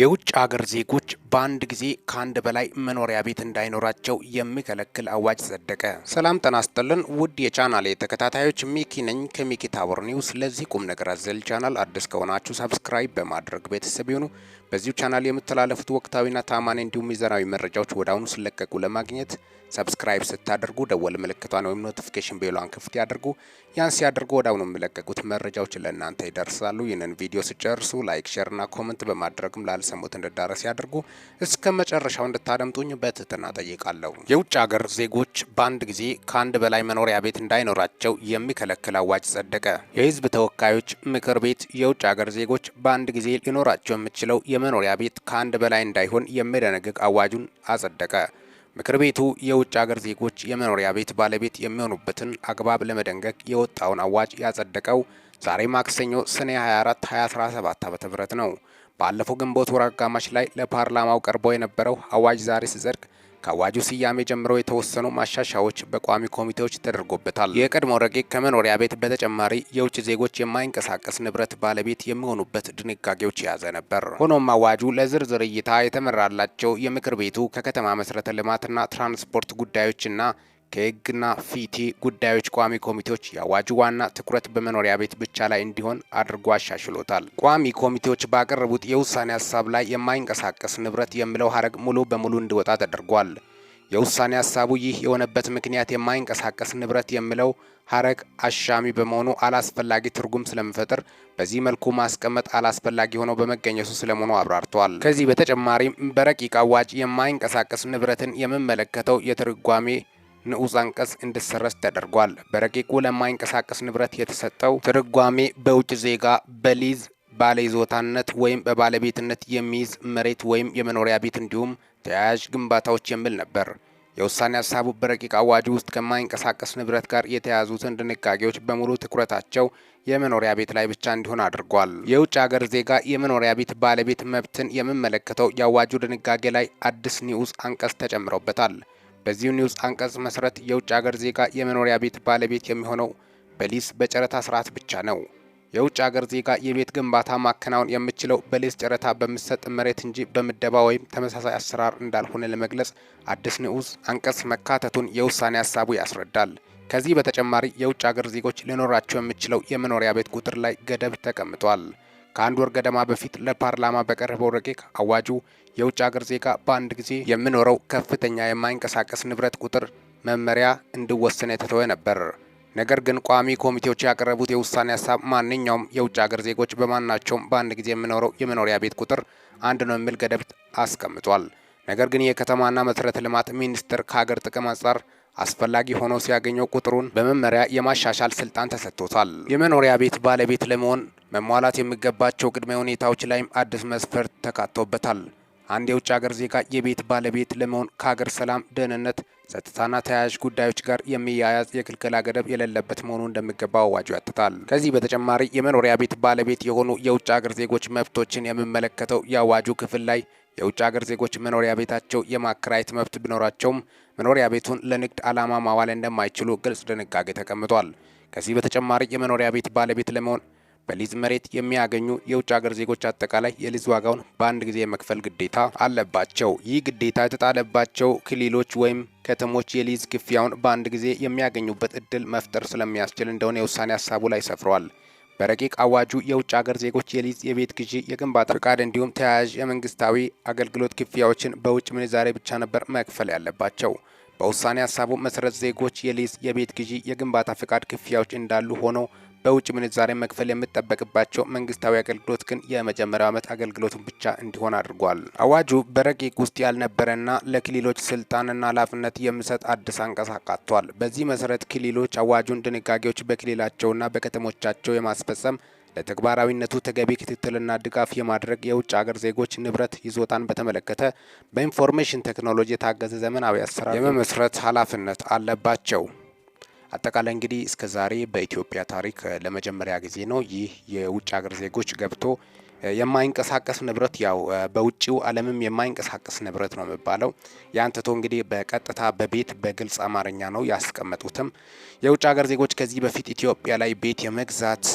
የውጭ አገር ዜጎች በአንድ ጊዜ ከአንድ በላይ መኖሪያ ቤት እንዳይኖራቸው የሚከለክል አዋጅ ጸደቀ። ሰላም ጤና ውድ የቻናሌ ተከታታዮች ሚኪ ነኝ ከሚኪ ታወር ኒውስ። ለዚህ ቁም ነገር አዘል ቻናል አዲስ ከሆናችሁ ሳብስክራይብ በማድረግ ቤተሰብ ይሁኑ። በዚሁ ቻናል የምተላለፉት ወቅታዊና ታማኝ እንዲሁም ሚዛናዊ መረጃዎች ወደ አሁኑ ሲለቀቁ ለማግኘት ሰብስክራይብ ስታደርጉ ደወል ምልክቷን ወይም ኖቲፊኬሽን ቤሏን ክፍት ያደርጉ። ያን ሲያደርጉ ወደ አሁኑ የሚለቀቁት መረጃዎች ለእናንተ ይደርሳሉ። ይህንን ቪዲዮ ስጨርሱ ላይክ፣ ና ኮመንት በማድረግም ላልሰሙት እንድዳረስ ያደርጉ። እስከ መጨረሻው እንድታደምጡኝ በትህትና ጠይቃለሁ። የውጭ ሀገር ዜጎች በአንድ ጊዜ ከአንድ በላይ መኖሪያ ቤት እንዳይኖራቸው የሚከለክል አዋጅ ጸደቀ። የህዝብ ተወካዮች ምክር ቤት የውጭ ሀገር ዜጎች በአንድ ጊዜ ሊኖራቸው የሚችለው የመኖሪያ ቤት ከአንድ በላይ እንዳይሆን የሚደነግግ አዋጁን አጸደቀ። ምክር ቤቱ የውጭ ሀገር ዜጎች የመኖሪያ ቤት ባለቤት የሚሆኑበትን አግባብ ለመደንገግ የወጣውን አዋጅ ያጸደቀው ዛሬ ማክሰኞ ሰኔ 24 2017 ም ነው። ባለፈው ግንቦት ወር አጋማሽ ላይ ለፓርላማው ቀርቦ የነበረው አዋጅ ዛሬ ሲጸድቅ ከአዋጁ ስያሜ ጀምሮ የተወሰኑ ማሻሻዎች በቋሚ ኮሚቴዎች ተደርጎበታል። የቀድሞ ረቂቅ ከመኖሪያ ቤት በተጨማሪ የውጭ ዜጎች የማይንቀሳቀስ ንብረት ባለቤት የሚሆኑበት ድንጋጌዎች የያዘ ነበር። ሆኖም አዋጁ ለዝርዝር እይታ የተመራላቸው የምክር ቤቱ ከከተማ መሰረተ ልማትና ትራንስፖርት ጉዳዮችና ከህግና ፊቲ ጉዳዮች ቋሚ ኮሚቴዎች የአዋጁ ዋና ትኩረት በመኖሪያ ቤት ብቻ ላይ እንዲሆን አድርጎ አሻሽሎታል። ቋሚ ኮሚቴዎች ባቀረቡት የውሳኔ ሀሳብ ላይ የማይንቀሳቀስ ንብረት የሚለው ሀረግ ሙሉ በሙሉ እንዲወጣ ተደርጓል። የውሳኔ ሀሳቡ ይህ የሆነበት ምክንያት የማይንቀሳቀስ ንብረት የሚለው ሀረግ አሻሚ በመሆኑ አላስፈላጊ ትርጉም ስለሚፈጥር በዚህ መልኩ ማስቀመጥ አላስፈላጊ ሆኖ በመገኘቱ ስለመሆኑ አብራርተዋል። ከዚህ በተጨማሪም በረቂቅ አዋጅ የማይንቀሳቀስ ንብረትን የሚመለከተው የትርጓሜ ንዑስ አንቀጽ እንዲሰረዝ ተደርጓል። በረቂቁ ለማይንቀሳቀስ ንብረት የተሰጠው ትርጓሜ በውጭ ዜጋ በሊዝ ባለይዞታነት ወይም በባለቤትነት የሚይዝ መሬት ወይም የመኖሪያ ቤት እንዲሁም ተያያዥ ግንባታዎች የሚል ነበር። የውሳኔ ሀሳቡ በረቂቅ አዋጁ ውስጥ ከማይንቀሳቀስ ንብረት ጋር የተያያዙትን ድንጋጌዎች በሙሉ ትኩረታቸው የመኖሪያ ቤት ላይ ብቻ እንዲሆን አድርጓል። የውጭ ሀገር ዜጋ የመኖሪያ ቤት ባለቤት መብትን የሚመለከተው የአዋጁ ድንጋጌ ላይ አዲስ ንዑስ አንቀጽ ተጨምሮበታል። በዚሁ ኒውስ አንቀጽ መሰረት የውጭ ሀገር ዜጋ የመኖሪያ ቤት ባለቤት የሚሆነው በሊስ በጨረታ ስርዓት ብቻ ነው። የውጭ ሀገር ዜጋ የቤት ግንባታ ማከናወን የምችለው በሊስ ጨረታ በምሰጥ መሬት እንጂ በምደባ ወይም ተመሳሳይ አሰራር እንዳልሆነ ለመግለጽ አዲስ ንዑስ አንቀጽ መካተቱን የውሳኔ ሀሳቡ ያስረዳል። ከዚህ በተጨማሪ የውጭ ሀገር ዜጎች ሊኖራቸው የምችለው የመኖሪያ ቤት ቁጥር ላይ ገደብ ተቀምጧል። ከአንድ ወር ገደማ በፊት ለፓርላማ በቀረበው ረቂቅ አዋጁ የውጭ ሀገር ዜጋ በአንድ ጊዜ የሚኖረው ከፍተኛ የማይንቀሳቀስ ንብረት ቁጥር መመሪያ እንዲወሰን የተተወ ነበር። ነገር ግን ቋሚ ኮሚቴዎች ያቀረቡት የውሳኔ ሀሳብ ማንኛውም የውጭ ሀገር ዜጎች በማናቸውም በአንድ ጊዜ የሚኖረው የመኖሪያ ቤት ቁጥር አንድ ነው የሚል ገደብ አስቀምጧል። ነገር ግን የከተማና መሰረተ ልማት ሚኒስቴር ከሀገር ጥቅም አንጻር አስፈላጊ ሆኖ ሲያገኘው ቁጥሩን በመመሪያ የማሻሻል ስልጣን ተሰጥቶታል። የመኖሪያ ቤት ባለቤት ለመሆን መሟላት የሚገባቸው ቅድመ ሁኔታዎች ላይም አዲስ መስፈርት ተካቶበታል። አንድ የውጭ ሀገር ዜጋ የቤት ባለቤት ለመሆን ከሀገር ሰላም፣ ደህንነት፣ ጸጥታና ተያያዥ ጉዳዮች ጋር የሚያያዝ የክልከላ ገደብ የሌለበት መሆኑ እንደሚገባ አዋጁ ያትታል። ከዚህ በተጨማሪ የመኖሪያ ቤት ባለቤት የሆኑ የውጭ ሀገር ዜጎች መብቶችን የሚመለከተው የአዋጁ ክፍል ላይ የውጭ ሀገር ዜጎች መኖሪያ ቤታቸው የማከራየት መብት ቢኖራቸውም መኖሪያ ቤቱን ለንግድ ዓላማ ማዋል እንደማይችሉ ግልጽ ድንጋጌ ተቀምጧል። ከዚህ በተጨማሪ የመኖሪያ ቤት ባለቤት ለመሆን በሊዝ መሬት የሚያገኙ የውጭ ሀገር ዜጎች አጠቃላይ የሊዝ ዋጋውን በአንድ ጊዜ የመክፈል ግዴታ አለባቸው። ይህ ግዴታ የተጣለባቸው ክልሎች ወይም ከተሞች የሊዝ ክፍያውን በአንድ ጊዜ የሚያገኙበት እድል መፍጠር ስለሚያስችል እንደሆነ የውሳኔ ሀሳቡ ላይ ሰፍረዋል። በረቂቅ አዋጁ የውጭ ሀገር ዜጎች የሊዝ የቤት ግዢ፣ የግንባታ ፍቃድ እንዲሁም ተያያዥ የመንግስታዊ አገልግሎት ክፍያዎችን በውጭ ምንዛሬ ብቻ ነበር መክፈል ያለባቸው። በውሳኔ ሀሳቡ መሰረት ዜጎች የሊዝ የቤት ግዢ፣ የግንባታ ፍቃድ ክፍያዎች እንዳሉ ሆነው በውጭ ምንዛሬ መክፈል የምጠበቅባቸው መንግስታዊ አገልግሎት ግን የመጀመሪያው ዓመት አገልግሎቱን ብቻ እንዲሆን አድርጓል። አዋጁ በረቂቅ ውስጥ ያልነበረና ለክልሎች ስልጣንና ኃላፊነት የሚሰጥ አዲስ አንቀጽ አካቷል። በዚህ መሰረት ክልሎች አዋጁን ድንጋጌዎች በክልላቸውና በከተሞቻቸው የማስፈጸም ለተግባራዊነቱ ተገቢ ክትትልና ድጋፍ የማድረግ የውጭ ሀገር ዜጎች ንብረት ይዞታን በተመለከተ በኢንፎርሜሽን ቴክኖሎጂ የታገዘ ዘመናዊ አሰራር የመመስረት ኃላፊነት አለባቸው። አጠቃላይ እንግዲህ እስከ ዛሬ በኢትዮጵያ ታሪክ ለመጀመሪያ ጊዜ ነው ይህ የውጭ ሀገር ዜጎች ገብቶ የማይንቀሳቀስ ንብረት ያው በውጭው ዓለምም የማይንቀሳቀስ ንብረት ነው የሚባለው። ያን ትቶ እንግዲህ በቀጥታ በቤት በግልጽ አማርኛ ነው ያስቀመጡትም። የውጭ ሀገር ዜጎች ከዚህ በፊት ኢትዮጵያ ላይ ቤት የመግዛት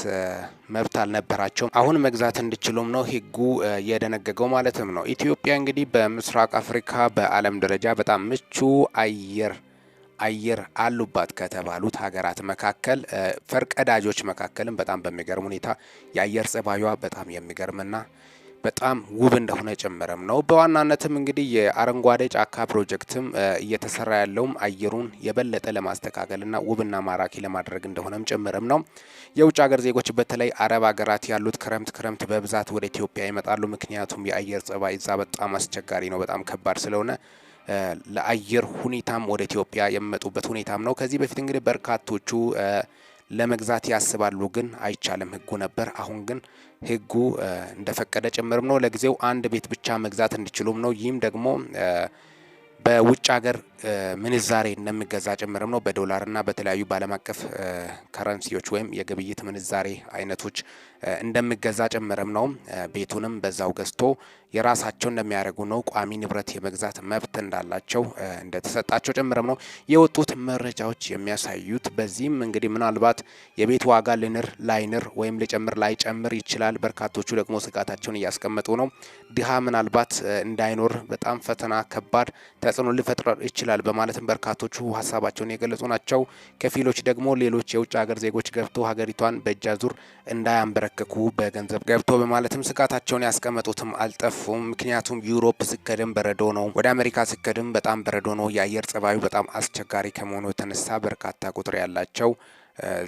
መብት አልነበራቸውም። አሁን መግዛት እንዲችሉም ነው ህጉ የደነገገው ማለትም ነው። ኢትዮጵያ እንግዲህ በምስራቅ አፍሪካ በዓለም ደረጃ በጣም ምቹ አየር አየር አሉባት ከተባሉት ሀገራት መካከል ፈርቀዳጆች መካከልም በጣም በሚገርም ሁኔታ የአየር ጸባዩዋ በጣም የሚገርምና በጣም ውብ እንደሆነ ጭምርም ነው። በዋናነትም እንግዲህ የአረንጓዴ ጫካ ፕሮጀክትም እየተሰራ ያለውም አየሩን የበለጠ ለማስተካከልና ውብና ማራኪ ለማድረግ እንደሆነም ጭምርም ነው። የውጭ ሀገር ዜጎች በተለይ አረብ ሀገራት ያሉት ክረምት ክረምት በብዛት ወደ ኢትዮጵያ ይመጣሉ። ምክንያቱም የአየር ጸባይ እዛ በጣም አስቸጋሪ ነው፣ በጣም ከባድ ስለሆነ ለአየር ሁኔታም ወደ ኢትዮጵያ የሚመጡበት ሁኔታም ነው። ከዚህ በፊት እንግዲህ በርካቶቹ ለመግዛት ያስባሉ፣ ግን አይቻልም ህጉ ነበር። አሁን ግን ህጉ እንደፈቀደ ጭምርም ነው። ለጊዜው አንድ ቤት ብቻ መግዛት እንዲችሉም ነው። ይህም ደግሞ በውጭ ሀገር ምንዛሬ እንደምገዛ ጭምርም ነው። በዶላርና በተለያዩ በዓለም አቀፍ ከረንሲዎች ወይም የግብይት ምንዛሬ አይነቶች እንደምገዛ ጭምርም ነው። ቤቱንም በዛው ገዝቶ የራሳቸው እንደሚያደርጉ ነው። ቋሚ ንብረት የመግዛት መብት እንዳላቸው እንደተሰጣቸው ጭምርም ነው የወጡት መረጃዎች የሚያሳዩት። በዚህም እንግዲህ ምናልባት የቤት ዋጋ ልንር ላይንር ወይም ልጨምር ላይጨምር ይችላል። በርካቶቹ ደግሞ ስጋታቸውን እያስቀመጡ ነው። ድሃ ምናልባት እንዳይኖር በጣም ፈተና ከባድ ተጽዕኖ ሊፈጥር ይችላል ይችላል በማለትም በርካቶቹ ሀሳባቸውን የገለጹ ናቸው። ከፊሎች ደግሞ ሌሎች የውጭ ሀገር ዜጎች ገብቶ ሀገሪቷን በእጃ ዙር እንዳያንበረክኩ በገንዘብ ገብቶ በማለትም ስጋታቸውን ያስቀመጡትም አልጠፉም። ምክንያቱም ዩሮፕ ስከድም በረዶ ነው፣ ወደ አሜሪካ ስከድም በጣም በረዶ ነው። የአየር ጸባዩ በጣም አስቸጋሪ ከመሆኑ የተነሳ በርካታ ቁጥር ያላቸው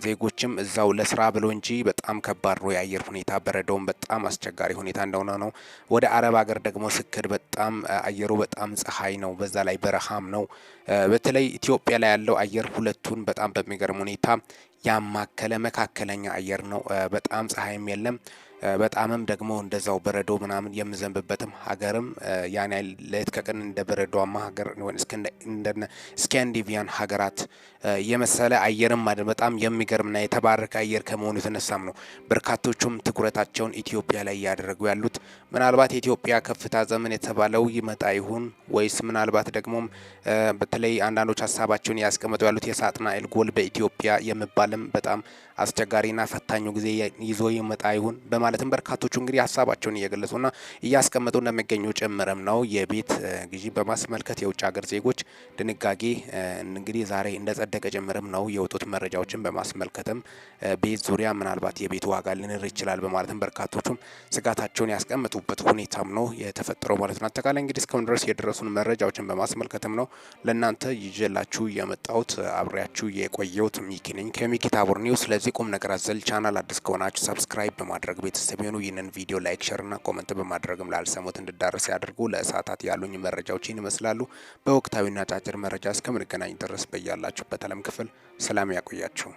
ዜጎችም እዛው ለስራ ብሎ እንጂ በጣም ከባድ ነው የአየር ሁኔታ። በረዶውም በጣም አስቸጋሪ ሁኔታ እንደሆነ ነው። ወደ አረብ ሀገር ደግሞ ስክድ በጣም አየሩ በጣም ፀሐይ ነው፣ በዛ ላይ በረሃም ነው። በተለይ ኢትዮጵያ ላይ ያለው አየር ሁለቱን በጣም በሚገርም ሁኔታ ያማከለ መካከለኛ አየር ነው። በጣም ፀሐይም የለም በጣምም ደግሞ እንደዛው በረዶ ምናምን የምዘንብበትም ሀገርም ያን ያህል ለየት ከቀን እንደ በረዶማ ሀገር ስካንዲቪያን ሀገራት የመሰለ አየርም ማለት በጣም የሚገርምና የተባረከ አየር ከመሆኑ የተነሳም ነው በርካቶቹም ትኩረታቸውን ኢትዮጵያ ላይ እያደረጉ ያሉት። ምናልባት የኢትዮጵያ ከፍታ ዘመን የተባለው ይመጣ ይሁን ወይስ ምናልባት ደግሞ በተለይ አንዳንዶች ሀሳባቸውን ያስቀመጡ ያሉት የሳጥናኤል ጎል በኢትዮጵያ የሚባል አይደለም፣ በጣም አስቸጋሪና ፈታኙ ጊዜ ይዞ ይመጣ ይሁን በማለትም በርካቶቹ እንግዲህ ሀሳባቸውን እየገለጹና እያስቀመጡ እንደሚገኙ ጭምርም ነው። የቤት ግዢ በማስመልከት የውጭ ሀገር ዜጎች ድንጋጌ እንግዲህ ዛሬ እንደጸደቀ ጭምርም ነው የወጡት መረጃዎችን በማስመልከትም ቤት ዙሪያ ምናልባት የቤት ዋጋ ሊንር ይችላል በማለትም በርካቶቹም ስጋታቸውን ያስቀምጡበት ሁኔታም ነው የተፈጠረው ማለት ነው። አጠቃላይ እንግዲህ እስካሁን ድረስ የደረሱን መረጃዎችን በማስመልከትም ነው ለእናንተ ይዤላችሁ የመጣሁት አብሬያችሁ የቆየሁት ሚኪ ነኝ። ታቦር ኒውስ። ስለዚህ ቁም ነገር አዘል ቻናል አዲስ ከሆናችሁ ሰብስክራይብ በማድረግ ቤተሰብ የሆኑ ይህንን ቪዲዮ ላይክ፣ ሸር ና ኮመንት በማድረግም ላልሰሙት እንድዳረስ ያድርጉ። ለእሳታት ያሉኝ መረጃዎችን ይመስላሉ። በወቅታዊና አጫጭር መረጃ እስከምንገናኝ ድረስ በያላችሁበት ዓለም ክፍል ሰላም ያቆያችሁ።